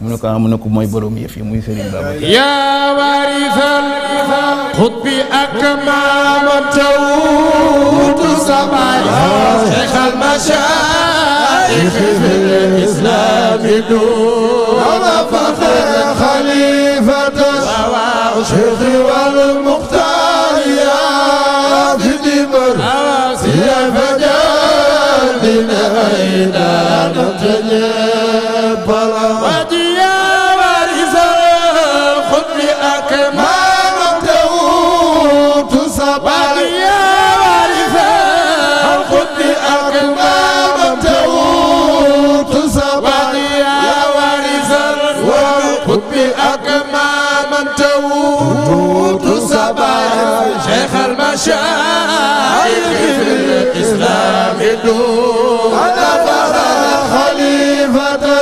mu ne ko ah mu ne ko mooy borom yëf yi muy Serigne Babacar. yaa warisal xut bi ak maama tawutu sa baay. xeexal machaayix fil islam du wala faxr xalifata مشايخ الإسلام دون خليفة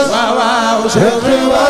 شيخ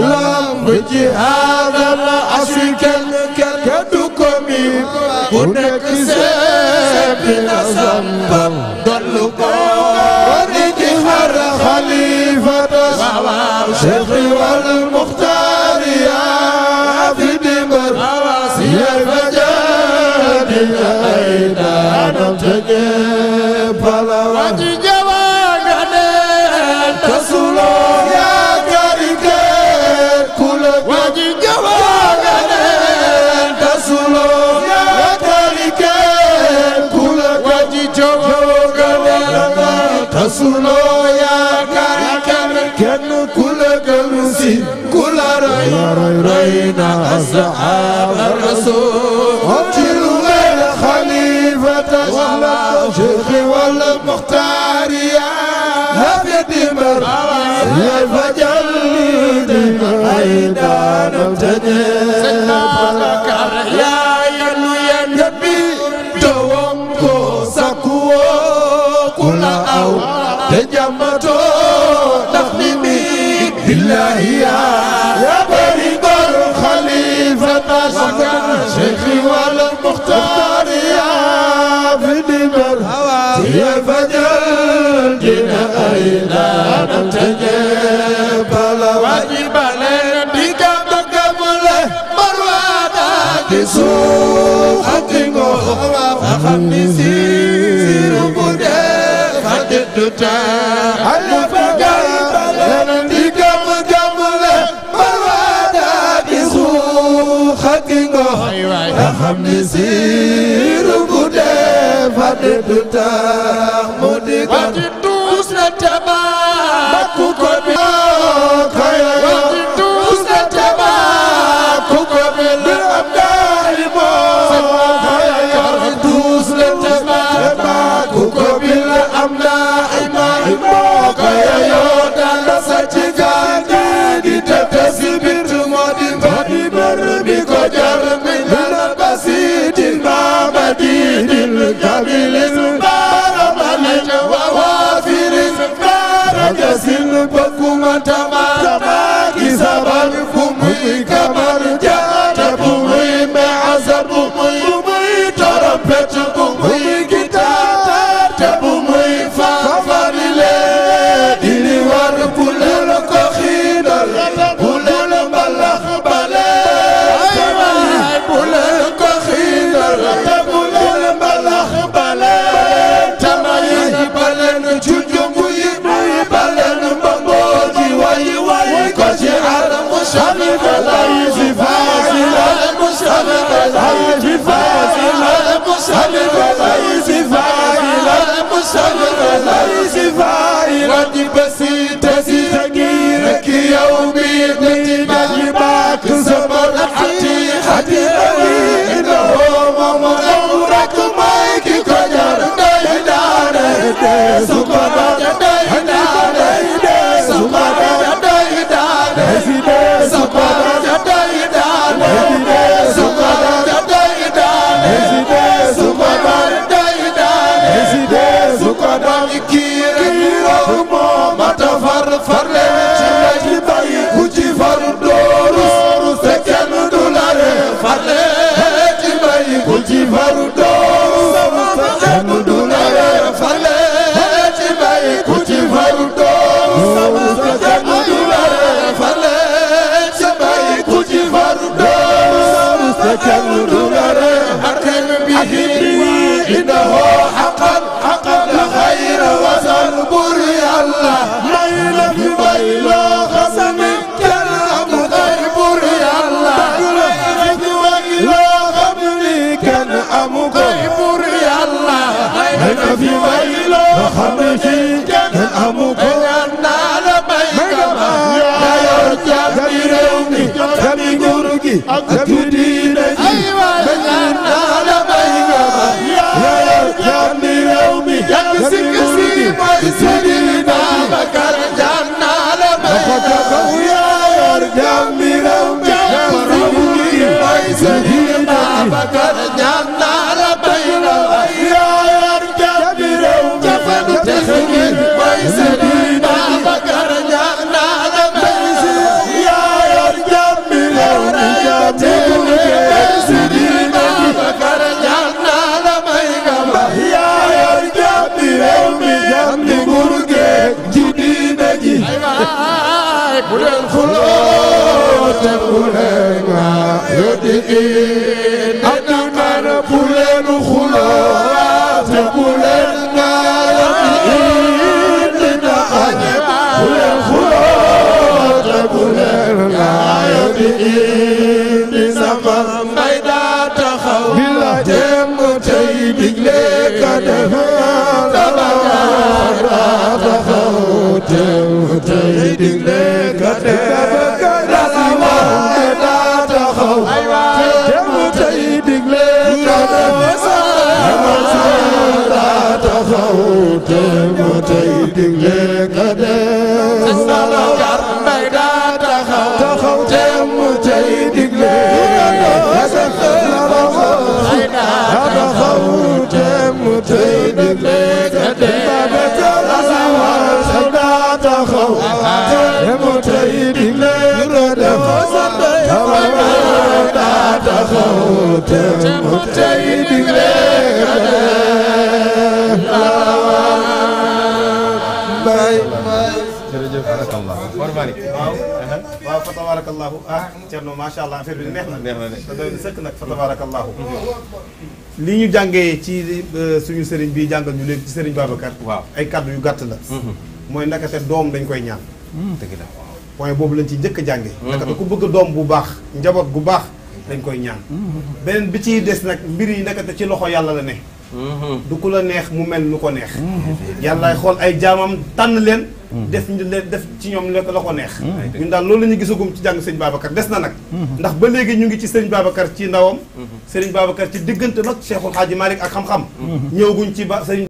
lamb ci haadal asu kenn kenn du ko mi ku nekk seebi na أصحاب الرسول وابتلوا غير خليفة ولا شيخي ولا المختار يا هبيد مر يا فجلد أين نبتدي سنالك يا يلو يا نبي دوامكو سكو كل أو تجمعتو نخلي بالله يا شيخي ولا المختار يا في النمر يا فجر جنا أين نتجب واجب علينا بك مقبل مروانا كسو حقنو أخمسي ربنا فجدتا di du tax mu di ak بولن خلو تبولن يدين عبد المن بولن خلو تبولن يدين بولن خلو تبولن يدين بسمر ميدا تخو بلا جم تي بجلك دفع تبارا تخو جم تي بجلك tabarakallah war bari waaw waaw fa tabarakallahu ah Thierno macha allah affaire bi neex na neex na de te doy na sëkk nag fa tabarakallahu mhm. li ñu jàngee ci euh, suñu sëriñ bi jàngal ñu léegi ci sëriñ Babacar waaw ay kàddu yu gàtt la mhm. mooy nakate doom dañ koy ñaan mhm, dëgg la point boobu lañ ci jëkk a jànge nakate ku bëgg doom bu baax njaboot gu baax dañ koy ñaan beneen bi ciy des nag mbir yi nakate ci loxo yàlla la ne Mm-hmm. du ku la neex mu mel nu ko neex. Mm-hmm. yàllaay xool ay jaamam tànn leen. Mm-hmm. def ñu def ci ñoom la ko neex. ñun daal loolu la ñu gisagum ci jàng sëñ Babacar des na nag. ndax ba léegi ñu ngi ci sëñ Babacar ci ndawam. sëñ Babacar ci diggante nag Cheikhul Hadji Malick ak xam-xam. ñëwaguñ ci ba sëñ.